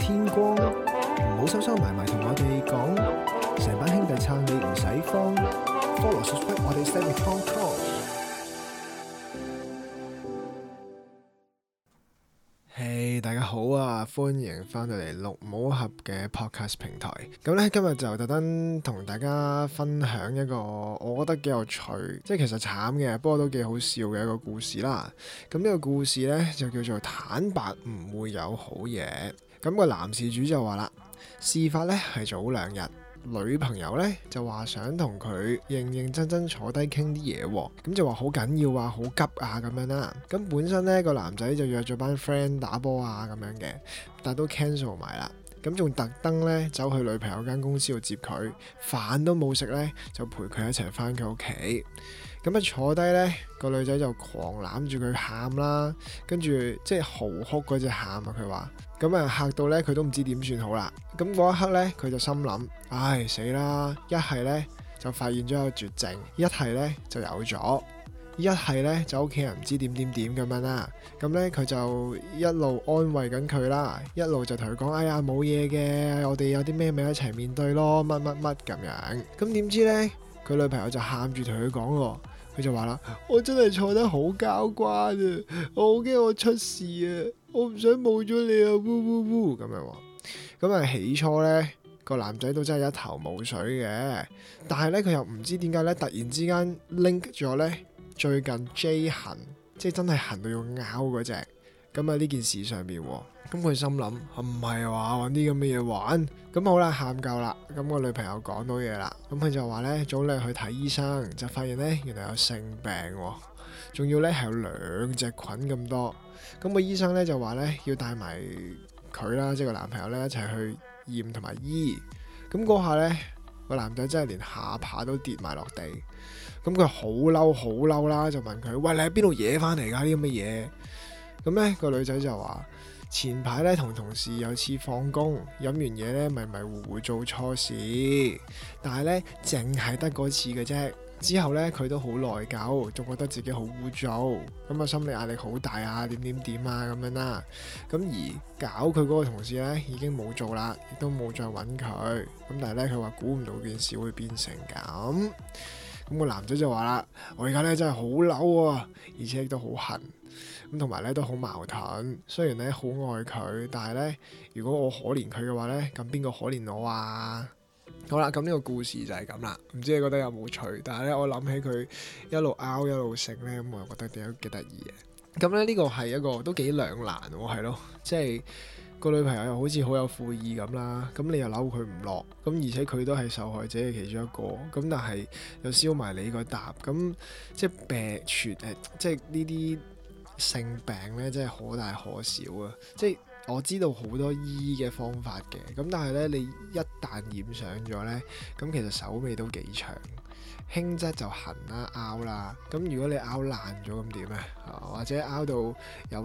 天光唔好收收埋埋，埋，同我哋講，成班兄弟撐你唔使慌。Follow 我哋嘅 podcast。Hey，大家好啊，歡迎翻到嚟綠帽佬嘅 podcast 平台。咁呢，今日就特登同大家分享一個我覺得幾有趣，即係其實慘嘅，不過都幾好笑嘅一個故事啦。咁呢個故事呢，就叫做坦白唔會有好嘢。咁個男事主就話啦，事發咧係早兩日，女朋友咧就話想同佢認認真真坐低傾啲嘢喎，咁就話好緊要啊，好急啊咁樣啦。咁本身咧個男仔就約咗班 friend 打波啊咁樣嘅，但都 cancel 埋啦。咁仲特登呢走去女朋友間公司度接佢，飯都冇食呢，就陪佢一齊返佢屋企。咁一坐低呢，個女仔就狂攬住佢喊啦，跟住即係嚎哭嗰隻喊啊！佢話：，咁啊嚇到呢，佢都唔知點算好啦。咁嗰一刻呢，佢就心諗：，唉，死啦！一係呢，就發現咗個絕症，一係呢，就有咗。一係咧就屋企人唔知點點點咁樣啦，咁咧佢就一路安慰緊佢啦，一路就同佢講，哎呀，冇嘢嘅，我哋有啲咩咪一齊面對咯，乜乜乜咁樣。咁點知咧佢女朋友就喊住同佢講喎，佢就話啦，我真係錯得好交關啊，我好驚我出事啊，我唔想冇咗你啊！呼呼呼咁樣喎。咁啊起初咧個男仔都真係一頭霧水嘅，但係咧佢又唔知點解咧，突然之間 link 咗咧。最近 J 痕即係真係痕到要拗嗰隻，咁啊呢件事上邊，咁佢心諗唔係話搵啲咁嘅嘢玩。咁好啦，喊夠啦，咁個女朋友講到嘢啦，咁佢就話呢，早兩日去睇醫生，就發現呢，原來有性病，哦，仲要呢係有兩隻菌咁多，咁個醫生呢就話呢，要帶埋佢啦，即係個男朋友呢，一齊去驗同埋醫，咁嗰下呢，個男仔真係連下巴都跌埋落地。咁佢好嬲，好嬲啦！就問佢：喂，你喺邊度惹返嚟㗎？呢咁嘅嘢咁。呢個女仔就話：前排呢，同同事有次放工飲完嘢呢，迷迷糊糊做錯事，但係呢，淨係得嗰次嘅啫。之後呢，佢都好內疚，仲覺得自己好污糟，咁啊心理壓力好大啊，點點點啊咁樣啦。咁而搞佢嗰個同事呢，已經冇做啦，亦都冇再揾佢。咁但係呢，佢話估唔到件事會變成咁。咁個男仔就話啦，我而家咧真係好嬲啊，而且亦都好恨，咁同埋咧都好矛盾。雖然咧好愛佢，但係咧如果我可憐佢嘅話咧，咁邊個可憐我啊？嗯、好啦，咁呢個故事就係咁啦。唔知你覺得有冇趣？但係咧，我諗起佢一路嬲一路食咧，咁、嗯、我又覺得點 樣幾得意嘅。咁咧呢個係一個都幾兩難喎，係咯，即係。個女朋友又好似好有悔意咁啦，咁你又嬲佢唔落，咁而且佢都係受害者嘅其中一個，咁但係又燒埋你個搭，咁即係病傳誒，即係呢啲性病呢，真係可大可小啊！即係我知道好多醫嘅方法嘅，咁但係呢，你一旦染上咗呢，咁其實手尾都幾長。輕則就痕啦、啊、拗啦，咁如果你拗爛咗咁點啊？或者拗到有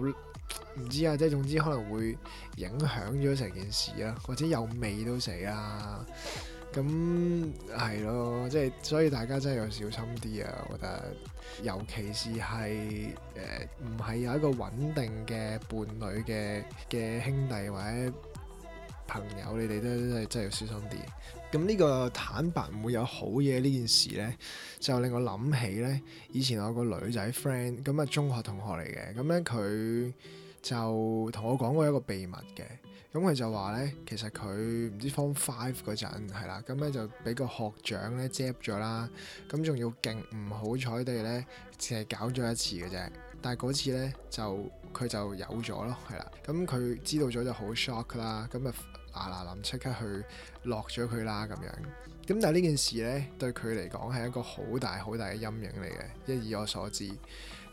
唔知啊，即係總之可能會影響咗成件事啦、啊，或者有味都死啦、啊，咁係咯，即係所以大家真係要小心啲啊！我覺得，尤其是係誒唔係有一個穩定嘅伴侶嘅嘅兄弟或者。朋友，你哋都真係真係要小心啲。咁呢個坦白唔會有好嘢呢件事呢，就令我諗起呢。以前我有個女仔 friend，咁啊中學同學嚟嘅，咁呢，佢就同我講過一個秘密嘅。咁佢就話呢，其實佢唔知 form five 嗰陣係啦，咁呢，就俾個學長呢，zip 咗啦，咁仲要勁唔好彩地呢，淨係搞咗一次嘅啫。但係嗰次呢，就～佢就有咗咯，係啦，咁佢知道咗就好 shock 啦，咁啊嗱嗱臨即刻去落咗佢啦，咁樣。咁但係呢件事呢，對佢嚟講係一個好大好大嘅陰影嚟嘅，一以我所知。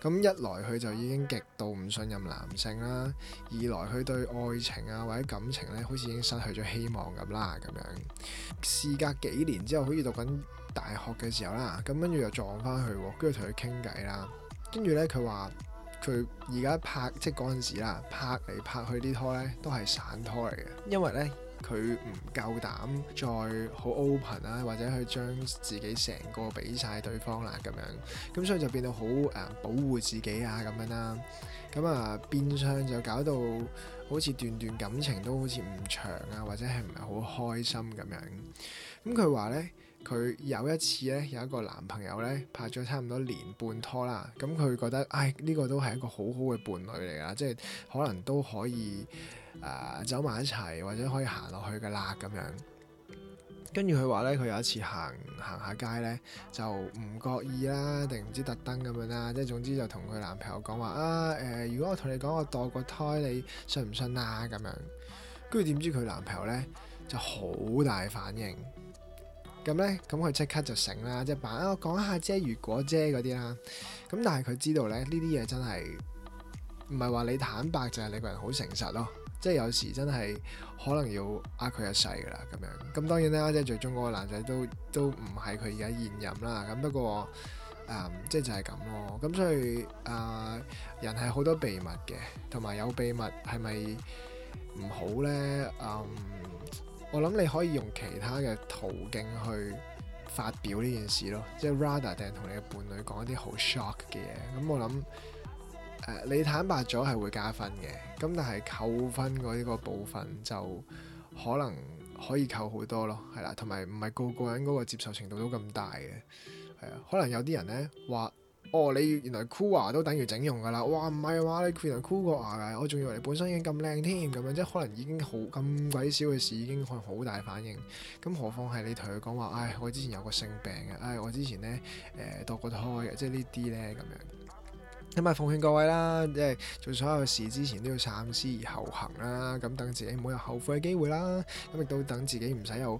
咁一來佢就已經極度唔信任男性啦，二來佢對愛情啊或者感情呢，好似已經失去咗希望咁啦，咁樣。事隔幾年之後，好似讀緊大學嘅時候啦，咁跟住又撞返佢，跟住同佢傾偈啦，跟住呢，佢話。佢而家拍即係嗰陣時啦，拍嚟拍去啲拖咧都係散拖嚟嘅，因為咧佢唔夠膽再好 open 啦、啊，或者去將自己成個俾晒對方啦咁樣，咁所以就變到好誒保護自己啊咁樣啦、啊，咁啊變相就搞到好似段段感情都好似唔長啊，或者係唔係好開心咁樣？咁佢話咧。佢有一次咧，有一個男朋友咧，拍咗差唔多年半拖啦，咁、嗯、佢覺得，唉、哎，呢、這個都係一個好好嘅伴侶嚟㗎，即係可能都可以誒、呃、走埋一齊，或者可以行落去㗎啦咁樣。跟住佢話咧，佢有一次行行下街咧，就唔覺意啦，定唔知特登咁樣啦，即係總之就同佢男朋友講話啊誒、呃，如果我同你講我墮過胎，你信唔信啊？咁樣，跟住點知佢男朋友咧就好大反應。咁、就是啊、呢，咁佢即刻就醒啦，即係扮我講下啫，如果啫嗰啲啦。咁但係佢知道咧，呢啲嘢真係唔係話你坦白就係、是、你個人好誠實咯。即係有時真係可能要呃佢一世噶啦咁樣。咁當然咧，阿姐最終嗰個男仔都都唔係佢而家現任啦。咁不過即係、嗯、就係咁咯。咁所以誒、呃，人係好多秘密嘅，同埋有，有秘密係咪唔好呢？誒、嗯？我諗你可以用其他嘅途徑去發表呢件事咯，即係 Rada 定係同你嘅伴侶講一啲好 shock 嘅嘢。咁、嗯、我諗、呃、你坦白咗係會加分嘅，咁但係扣分嗰一個部分就可能可以扣好多咯，係啦，同埋唔係個個人嗰個接受程度都咁大嘅，係啊，可能有啲人呢話。哦，你原來箍牙都等於整容噶啦，哇，唔係啊，你原來箍過牙嘅？我仲以為你本身已經咁靚添，咁樣即係可能已經好咁鬼少嘅事已經可能好大反應，咁何況係你同佢講話，唉，我之前有個性病嘅，唉，我之前呢，誒、呃、墮過胎嘅，即係呢啲呢，咁樣，咁啊奉勸各位啦，即係做所有事之前都要三思而後行啦，咁等自己唔好有後悔嘅機會啦，咁亦都等自己唔使有。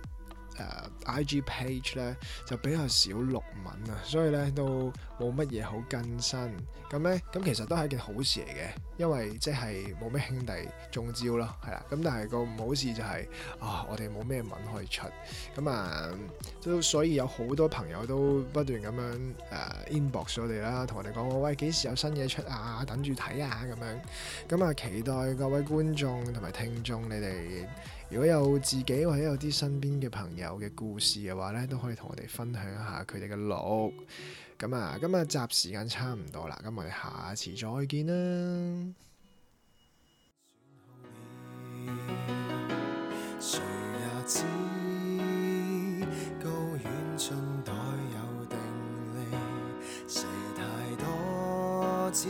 Uh, IG page 咧就比較少錄文啊，所以咧都冇乜嘢好更新咁咧，咁其實都係件好事嚟嘅，因為即係冇咩兄弟中招咯，係啦。咁但係個唔好事就係、係、啊、哦，我哋冇咩文可以出咁啊，都所以有好多朋友都不斷咁樣誒 inbox 我哋啦，同我哋講喂，幾時有新嘢出啊，等住睇啊咁樣，咁啊期待各位觀眾同埋聽眾你哋。如果有自己或者有啲身邊嘅朋友嘅故事嘅話咧，都可以同我哋分享一下佢哋嘅樂。咁啊，今日集時間差唔多啦，咁我哋下次再見啦。也知，高有定太多，只滴